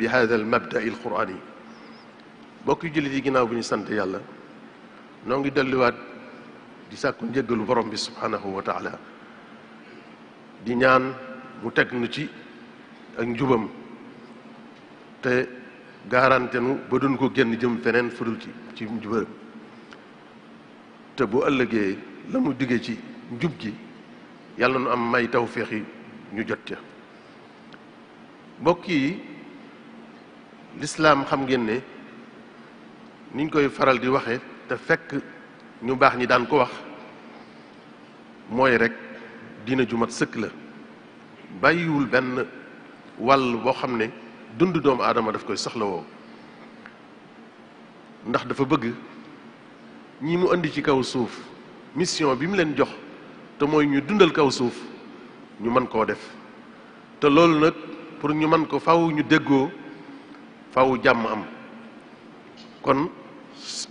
bi haadal mabdail quraani bokki jullit yi ginnaaw bi ñu sante yàlla noo ngi delluwaat di sàkku njëggalu borom bi subhaanahu wa taala di ñaan mu teg nu ci ak njubam te gaarante ba duñ ko génn jëm feneen fudul ci ci njubam te bu ëllëgee la mu diggee ci njub gi yàlla nu am may tawféex ñu jot ca mbokk lislaam xam ngeen ne niñ koy faral di waxe te fekk ñu baax ñi daan ko wax mooy rekk dina ju mat sëkk la bàyyiwul benn wàll boo xam ne dund doomu aadama daf koy soxlawoo ndax dafa bëgg ñi mu indi ci kaw suuf mission bi mu leen jox te mooy ñu dundal kaw suuf ñu mën koo def te loolu nag pour ñu mën ko faw ñu déggoo faw jàmm am kon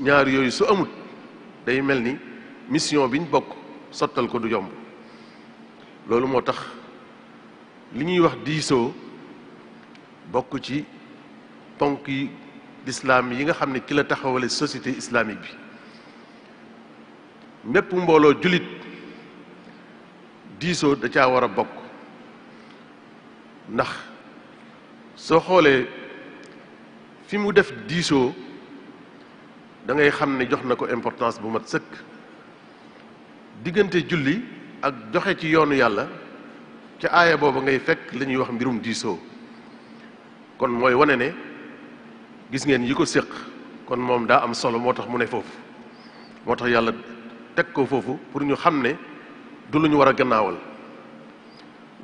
ñaar yooyu su amut day mel ni mission biñ bokk sottal ko du yomb loolu moo tax li ñuy wax diisoo bokk ci ponk yi lislaam yi nga xam ne ki la taxawale société islamique bi mépp mbooloo jullit diisoo da caa war a bokk ndax soo xoolee fi mu def diisoo da ngay xam ne jox na ko importance bu mat sëkk diggante julli ak joxe ci yoonu yàlla ca aaya booba ngay fekk lañuy ñuy wax mbirum diisoo kon mooy wane ne gis ngeen yi ko séq kon moom daa am solo moo tax mu ne foofu moo tax yàlla teg ko foofu pour ñu xam ne du lu ñu war a gannaawal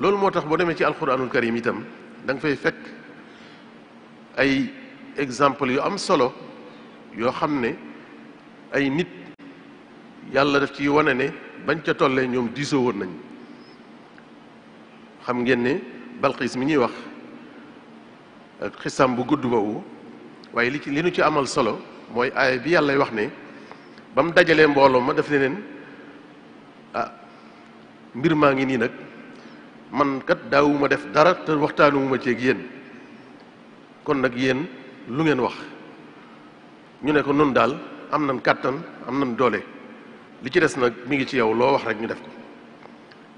loolu moo tax boo demee ci alxuraanul karim itam da nga fay fekk ay exemple yu am solo yoo xam ne ay nit yàlla def ci wane ne bañ ca tollee ñoom diisoo woon nañ xam ngeen ne balxiis mi ñuy wax ak xisam bu gudd boobu waaye li ci li nu ci amal solo mooy aaya bi yàlla wax ne ba mu dajalee mbooloo ma daf ne leen ah mbir maa ngi nii nag man kat daawuma def dara te waxtaanuwuma ceeg yéen kon nag yéen lu ngeen wax ñu ne ko nun daal am nan kàttan am nan doole li ci des nag mi ngi ci yow loo wax rek ñu def ko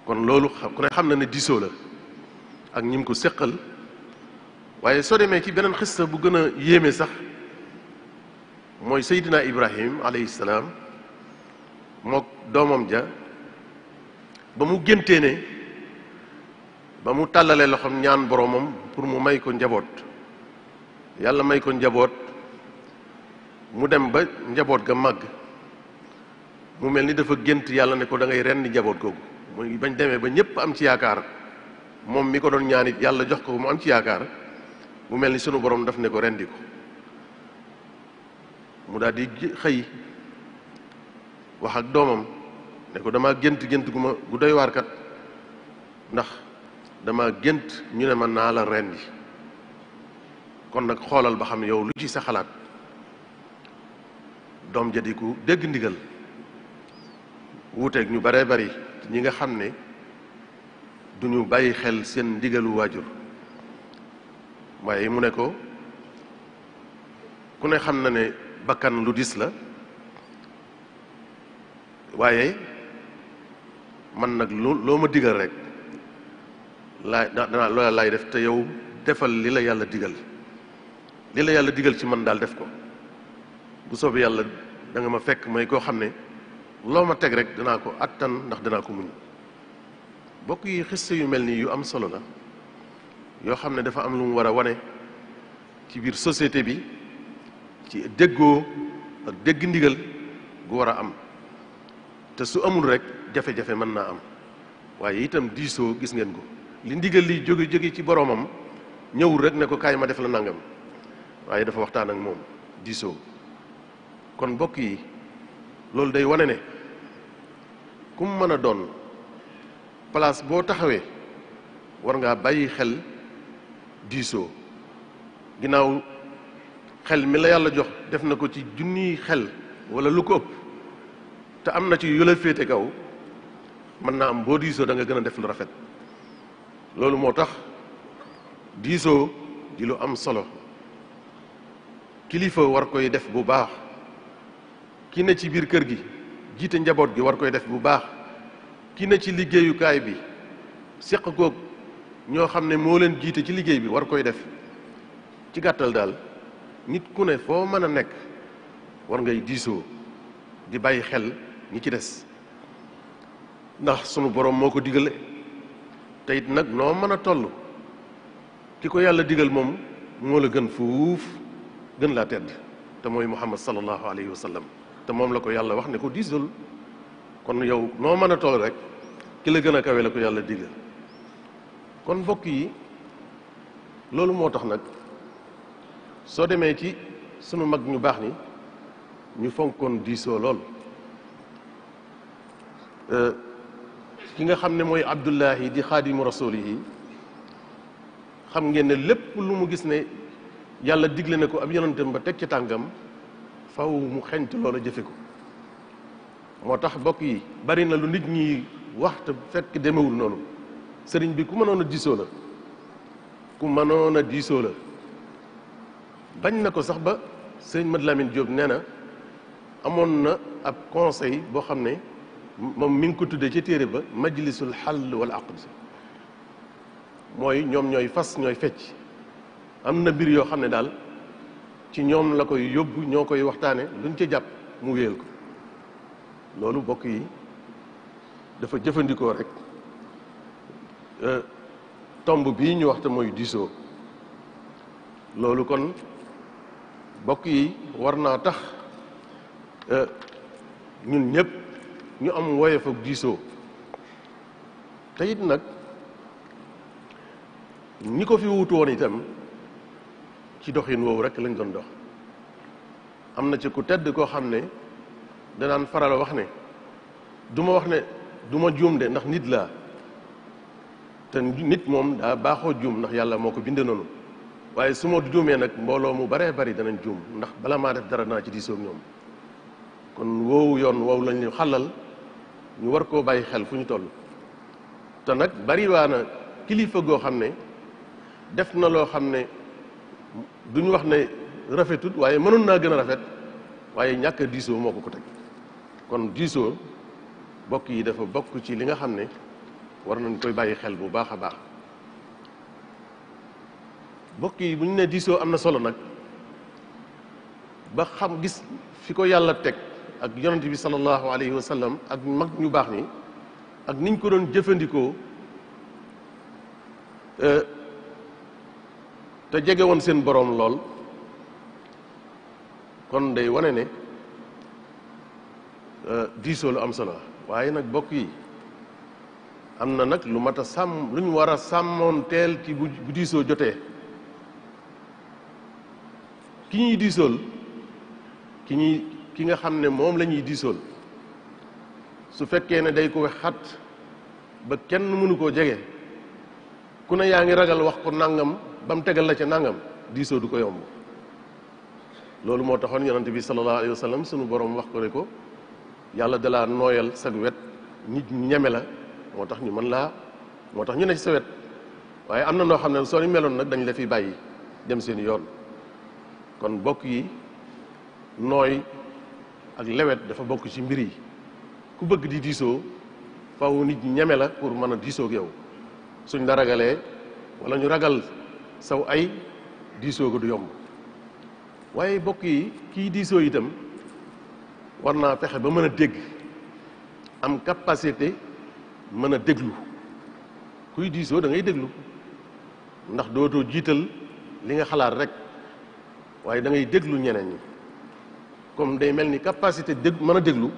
kon loolu ku ne xam na ne diisoo la ak ñi ko séqal waaye soo demee ci beneen xista bu gën a yéeme sax mooy Seydina Ibrahim alayhi salaam mook doomam ja ba mu géntee ne ba mu tàllalee loxoom ñaan boromam pour mu may ko njaboot yàlla may ko njaboot mu dem ba njaboot ga màgg mu mel ni dafa gént yàlla ne ko dangay ngay rendi njaboot googu muy bañ demee ba ñëpp am ci yaakaar moom mi ko doon ñaan yàlla jox ko mu am ci yaakaar mu mel ni sunu boroom daf ne ko rendi ko mu daal di xëy wax ak doomam ne ko dama gént gént gu ma gu doy waar kat ndax dama gént ñu ne man naa la rendi kon nag xoolal ba xam yow lu ji sa xalaat doom ja di ku dégg ndigal wuuteeg ñu baree bari ñi nga xam ne du ñu bàyyi xel seen ndigalu waajur waaye mu ne ko ku ne xam na ne bakkan lu dis la waaye man nag lu loo ma digal rek laay danaa loola lay def te yow defal li la yàlla digal li la yàlla digal ci man daal def ko bu soobee yàlla da nga ma fekk may koo xam ne loo ma teg rek danaa ko attan ndax danaa ko muñ bokk yi xiste yu mel nii yu am solo la yoo xam ne dafa am lu mu war a wane ci biir société bi ci déggoo ak dégg ndigal gu war a am te su amul rek jafe-jafe mën naa am waaye itam diisoo gis ngeen ko li ndigal li jóge jóge ci boromam ñëwul rek ne ko kaay ma def la nangam waaye dafa waxtaan ak moom diisoo kon mbokk yi loolu day wane ne kum mu mën a doon place boo taxawee war ngaa bàyyi xel diisoo ginnaaw xel mi la yàlla jox def na ko ci junniy xel wala lu ko ëpp te am na ci yu féete kaw mën naa am boo diisoo da nga gën a def lu rafet loolu moo tax diisoo di lu am solo kilifa war koy def bu baax ki ne ci biir kër gi jiite njaboot gi war koy def bu baax ki ne ci liggéeyukaay bi seq goog ñoo xam ne moo leen jiite ci liggéey bi war koy def ci gàttal daal nit ku ne foo mën a nekk war ngay diisoo di bàyyi xel ñi ci des ndax sunu boroom moo ko digale te nag noo mën a toll ki ko yàlla digal moom moo la gën fuuf gën laa tedd te mooy muhammad sallallahu alayhi wa sallam te moom la ko yàlla wax ne ko diisul kon yow noo mën a toll rek ki la gën a kawe la ko yàlla digal kon mbokk yi loolu moo tax nag soo demee ci sunu mag ñu baax ni ñu fonkoon diisoo lool euh, ki nga xam ne mooy abdullahi di xaadimu rasulihi xam ngeen ne lépp lu mu gis ne yàlla digle na ko ab yonentam ba teg ci tàngam faw mu xeñtu loola jëfe ko moo tax bokk yi bari na lu nit ñi wax te fekk demewul noonu sëriñ bi ku mënoon a diisoo la ku mënoon a diisoo la bañ na ko sax ba sëriñ ma Lamine Diop nee na amoon na ab conseil boo xam ne moom mi ngi ko tuddee ci téere ba majlisul xàll wala aqd mooy ñoom ñooy fas ñooy fecc am na mbir yoo xam ne daal ci ñoom la koy yóbbu ñoo koy waxtaane luñ ca jàpp mu wéyal ko loolu bokk yi dafa jëfandikoo rek euh, tomb bii ñu waxte mooy diisoo loolu kon bokk yi war naa tax euh, ñun ñëpp ñu am woyof ak diisoo te nag ni ko fi wutu woon itam ci doxin woowu rek lañ doon dox am na ci ku tedd koo xam ne danaan faral wax ne du ma wax ne du ma juum de ndax nit laa te nit moom daa baaxoo juum ndax yàlla moo ko bindee noonu waaye suma ma juumee nag mbooloo mu baree bari danañ juum ndax bala maa def dara naa ci diisoo ak ñoom kon woowu yoon woow lañ xalal xàllal ñu war koo bàyyi xel fu ñu toll te nag bari kilifa goo xam ne def na loo xam ne du ñu wax ne rafetul waaye mënoon naa gën a rafet waaye ñàkk a diisoo moo ko ko teg kon diisoo bokk yi dafa bokk ci li nga xam ne war nañ koy bàyyi xel bu baax a baax bokk yi bu ñu nee diisoo am na solo nag ba xam gis fi ko yàlla teg ak yonent bi sallallahu alayhi wa sallam ak mag ñu baax ñi ak niñ ko doon jëfandikoo. Euh, te jege woon seen boroom lool kon day wane ne euh, diisoo lu am solo waaye nag bokk yi am na nag lu mat a sàmm lu ñu war a sàmmoon teel ci bu diisoo jotee ki ñuy diisool ki ñuy ki nga xam ne moom lañuy ñuy su fekkee ne day ko xat ba kenn mënu koo jege ku ne yaa ngi ragal wax ko nangam ba mu tegal la ca nangam diisoo du ko yomb loolu moo taxoon yonante bi sallallahu alayhi sunu boroom wax ko ne ko yàlla dalaa nooyal sag wet nit ñeme la moo tax ñu man laa moo tax ñu ne sa wet waaye am na noo xam ne soo ni meloon nag dañ la fi bàyyi dem seen yoon kon bokk yi nooy ak lewet dafa bokk ci mbir yi ku bëgg di diisoo faw nit ñeme la pour mën a diisoo ak yow suñ la ragalee wala ñu ragal saw ay diisoo ko du yomb waaye bokk yi kii diisoo itam war naa fexe ba mën a dégg am capacité mën a déglu kuy diisoo da ngay déglu ndax dootoo jiital li nga xalaat rek waaye dangay déglu ñeneen yi comme day mel ni capacité dég mën a déglu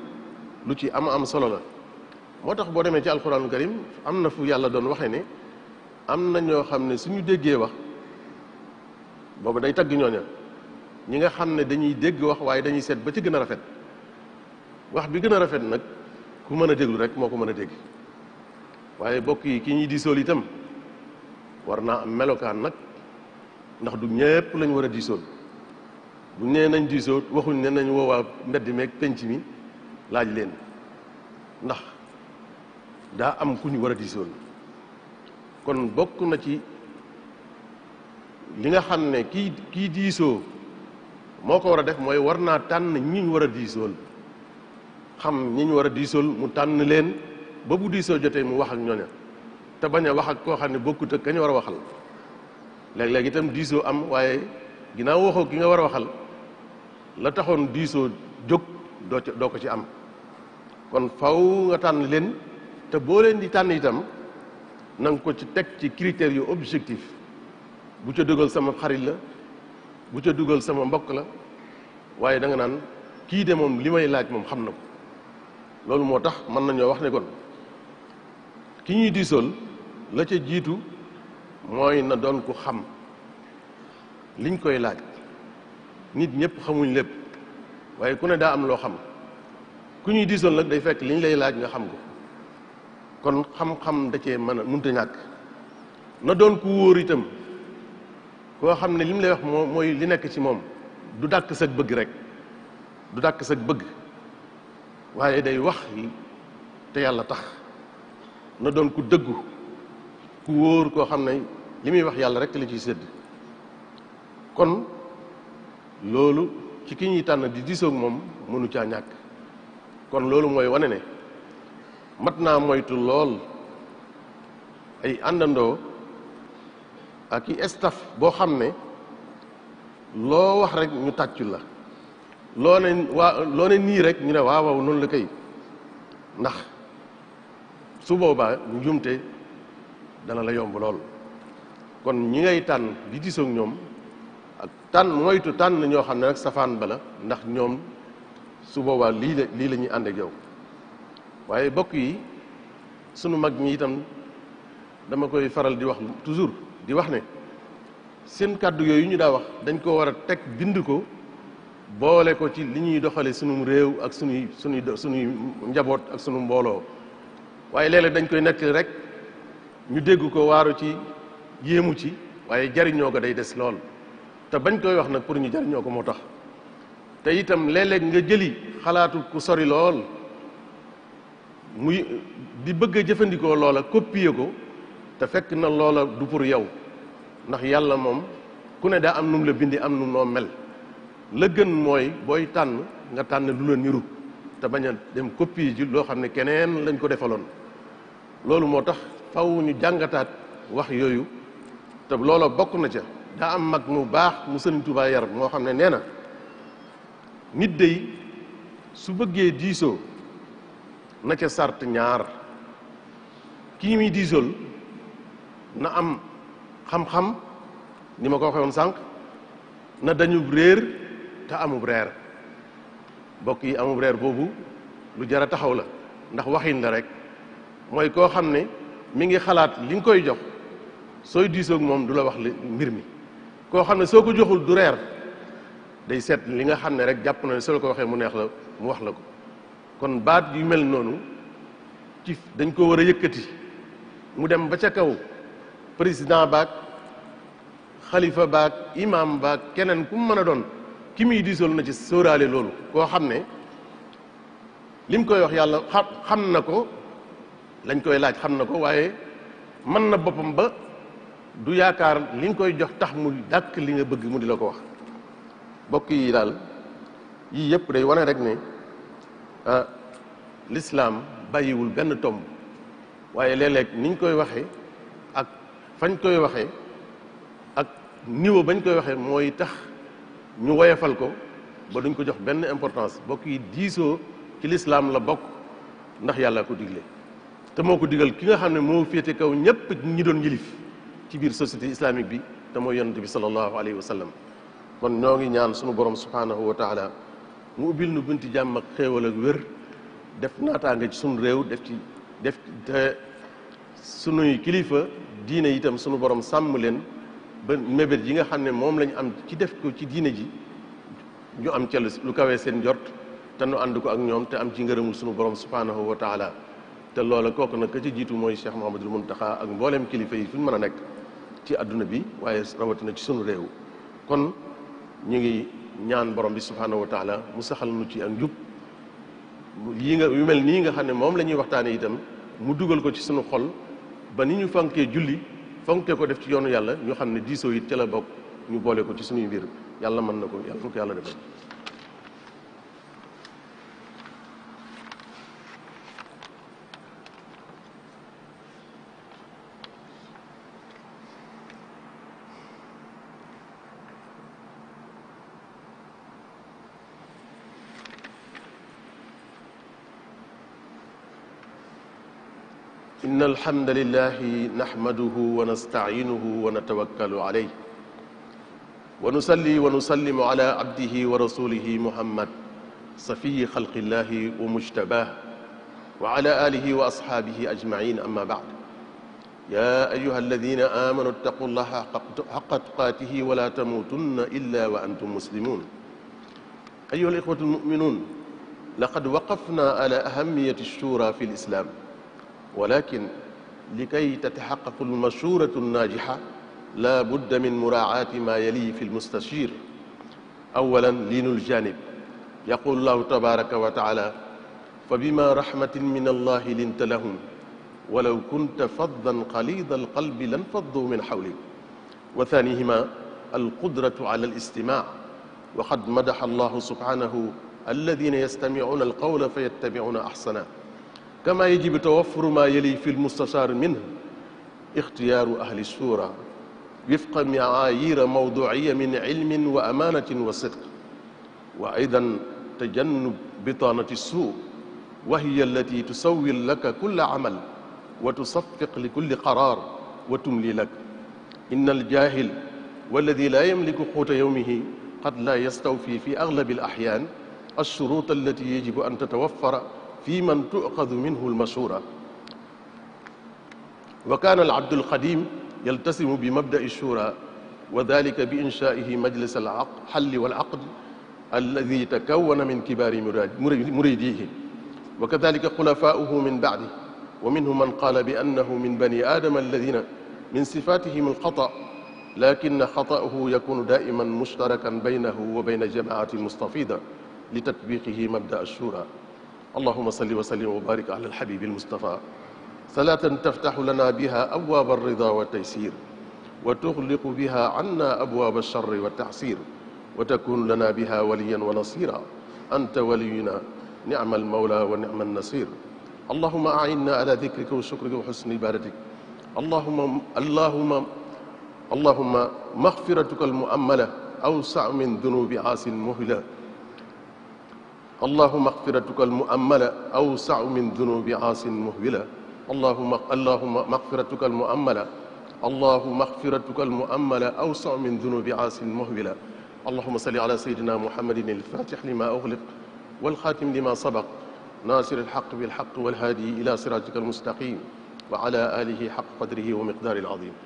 lu ci am am solo la moo tax boo demee ci alxuraanul karim am na fu yàlla doon waxee ne am na ñoo xam ne suñu déggee wax boobu day tagg ñooña ñi nga xam ne dañuy dégg wax waaye dañuy seet ba ci gën a rafet wax bi gën a rafet nag ku mën a déglu rek moo ko mën a dégg waaye bokk yi ki ñuy diisool itam war naa am melokaan nag ndax du ñëpp lañ war a diisool buñ nee nañ diisool waxuñ ne nañu woowaa mbedd meeg penc mi laaj leen ndax daa am ku ñu war a diisool kon bokk na ci li nga xam ne kii kii diisoo moo ko war a def mooy war naa tànn ñi ñu war a diisool xam ñi ñu war a diisool mu tànn leen ba bu diisoo jotee mu wax ak ñooña te bañ a wax ak koo xam ne bokkut ak ka war a waxal léeg-léeg itam diisoo am waaye ginnaaw waxoo ki nga war a waxal la taxoon diisoo jóg doo doo ko ci am kon faw nga tànn leen te boo leen di tànn itam na ko ci teg ci critères yu objectif bu ca dugal sama xarit la bu ca dugal sama mbokk la waaye danga naan kii de moom li may laaj moom xam na ko loolu moo tax mën nañoo wax ne kon ki ñuy diisool la ca jiitu mooy na doon ku xam liñ koy laaj nit ñëpp xamuñ lépp waaye ku ne daa am loo xam ku ñuy diisool nag day fekk liñ lay laaj nga xam ko kon xam da cee mën a munta ñàkk na doon ku wóor itam koo xam ne li mu lay wax moo mooy li nekk ci moom du dàkk sag bëgg rek du dàkk sag bëgg waaye day wax te yàlla tax na doon ku dëggu ku wóor koo xam ne li muy wax yàlla rekk la ciy sédd kon loolu ci ki ñuy tànn di diisoog moom mënu caa ñàkk kon loolu mooy wane ne mat naa moytu lool ay àndandoo ak i staff boo xam ne loo wax rek ñu tàccu la loo ne waa loo ne nii rek ñu ne waaw waaw noonu la kay ndax su boobaa njumte dana la yomb lool kon ñi ngay tànn di disoog ñoom ak tànn moytu tànn ñoo xam ne nag safaan bala ndax ñoom su boobaa lii la lii la ñuy ànd yow waaye bokk yi sunu mag ñi itam dama koy faral di wax toujours di wax ne seen kàddu yooyu ñu daa wax dañ ko war a teg bind ko boole ko ci li ñuy doxale sunu réew ak sunuy sunuy sunuy njaboot ak sunu mbooloo waaye léeg dañ koy nettali rek ñu dégg ko waaru ci yéemu ci waaye jariñoo ko day des lool te bañ koy wax nag pour ñu jariñoo ko moo tax te itam léeg nga jëli xalaatu ku sori lool muy di bëgg a jëfandikoo loola koppiye ko te fekk na loola du pour yow ndax yàlla moom ku ne daa am num la bindi am num noo mel la gën mooy booy tànn nga tànn lu la niru te bañ a dem copie ji loo xam ne keneen lañ ko defaloon loolu moo tax faw ñu jàngataat wax yooyu te loola bokk na ca daa am mag mu baax mu sëriñ Tuubaa yar moo xam ne nee na nit day su bëggee diisoo na ca sart ñaar kii muy diisool na am xam-xam ni ma ko waxee woon sànq na dañub réer te amub reer mbokk yi amub reer boobu lu jar a taxaw la ndax waxin la rek mooy koo xam ne mi ngi xalaat li nga koy jox sooy diisoog moom du la wax li mbir mi koo xam ne soo ko joxul du reer day seet li nga xam ne rek jàpp na ne soo ko waxee mu neex la mu wax la ko kon baat yu mel noonu ci dañ ko war a yëkkati mu dem ba ca kaw président baag xalifa baag imam baag keneen ku mu mën a doon ki muy diisool na ci sóoraale loolu koo xam ne lim koy wax yàlla xam na ko lañ koy laaj xam na ko waaye mën na boppam ba du yaakaar liñ koy jox tax mu dàkk li nga bëgg mu di la ko wax bokk yi daal yii yëpp day wane rek ne lislaam bàyyiwul benn tomb waaye léeg-léeg niñ koy waxe ak fañ koy waxee ak niveau bañ koy waxee mooy tax ñu woyefal ko ba duñ ko jox benn importance bokk yi diisoo ci lislaam la bokk ndax yàlla ko digle te moo ko digal ki nga xam ne moo féete kaw ñëpp ñi doon yilif ci biir société islamique bi te mooy yonent bi sallallahu alayhi wa sallam kon ñoo ngi ñaan sunu borom subhanahu wa taala mu ubbil nu bunti jàmm ak xéewal ak wér def naataange ci sunu réew def ci def sunuy kilifa diine itam sunu borom sàmm leen ba mébét yi nga xam ne moom lañu am ci def ko ci diine ji ñu am ca lu kawee seen jot te nu ànd ko ak ñoom te am ci ngërëmul sunu borom subhaanahu wa taala te loola kooku nag ka jiitu mooy Cheikh Mouhamadul Mountakha ak mbooleem kilifa yi fu ñu mën a nekk ci àdduna bi waaye rawatina ci sunu réew kon ñu ngi ñaan borom bi subhaanahu wa taala mu saxal nu ci ak njub yi nga yu mel nii nga xam ne moom la ñuy waxtaane itam mu dugal ko ci sunu xol ba ni ñu fonkee julli fonke ko def ci yoonu yàlla ñoo xam ne diisoo it ca la bokk ñu boole ko ci suñuy mbir yàlla mën na ko yàlla na ko yàlla defal الحمد لله نحمده ونستعينه ونتوكل عليه ونصلي ونسلم على عبده ورسوله محمد صفي خلق الله ومجتباه وعلى آله وأصحابه أجمعين أما بعد يا أيها الذين آمنوا اتقوا الله حق تقاته ولا تموتن إلا وأنتم مسلمون أيها الإخوة المؤمنون لقد وقفنا على أهمية الشورى في الإسلام ولكن لكي تتحقق المشورة الناجحة لا بد من مراعاة ما يلي في المستشير أولا لين الجانب يقول الله تبارك وتعالى فبما رحمة من الله لنت لهم ولو كنت فظا قليظ القلب لانفضوا من حولك وثانيهما القدرة على الاستماع وقد مدح الله سبحانه الذين يستمعون القول فيتبعون أحسنه كما يجب توفر ما يلي في المستشار منه اختيار أهل الشورى وفق معايير موضوعية من علم وأمانة وصدق وأيضا تجنب بطانة السوء وهي التي تسوي لك كل عمل وتصفق لكل قرار وتملي لك إن الجاهل والذي لا يملك قوت يومه قد لا يستوفي في أغلب الأحيان الشروط التي يجب أن تتوفر fi man tuxadu minhu almashura wa kaana alabdu alqadim yaltasimu bi mabdai shura wa dalika bi inshaihi majlis alxalli walaqd alladi takawana min kibaari muridihi wa kadalika xulafaauhu min bacdi wa minhum man qaala bi annahu min bani aadama alladina min sifatihim alxata lakin xata'uhu yakunu daa'iman mushtarakan baynahu wa bayna jamaatin mustafida li tatbiqihi mabda ashura allahuma salli wa sallim wa barik ala alxabibi almustafa salaatan taftaxu lana biha abwaab alrida wa taysir wa tuxliqu biha anna abwaab alcharri wa taxsir wa takun lana biha waliyan wa nasira anta waliyuna nicma almawla wa nicma alnasir allahuma ainna ala dikrika wa shukrika wa xusni ibadatik allahuma allahuma allahuma maxfiratuka almuammala awsa min dunubi aasin muhila allahuma maxfiratuka al muammala awsau min dunubi aasin muhwila allahuma allahuma maxfiratuka al muammala allahuma maxfiratuka al muammala awsau min dunubi aasin muhwila allahuma salli ala sayidina muhammadin alfatix lima uxliq walxaatim lima sabaq naasir alxaq bilxaq walhaadi ila siratika almustaqim wa ala alihi xaq qadrihi wa miqdaari alazim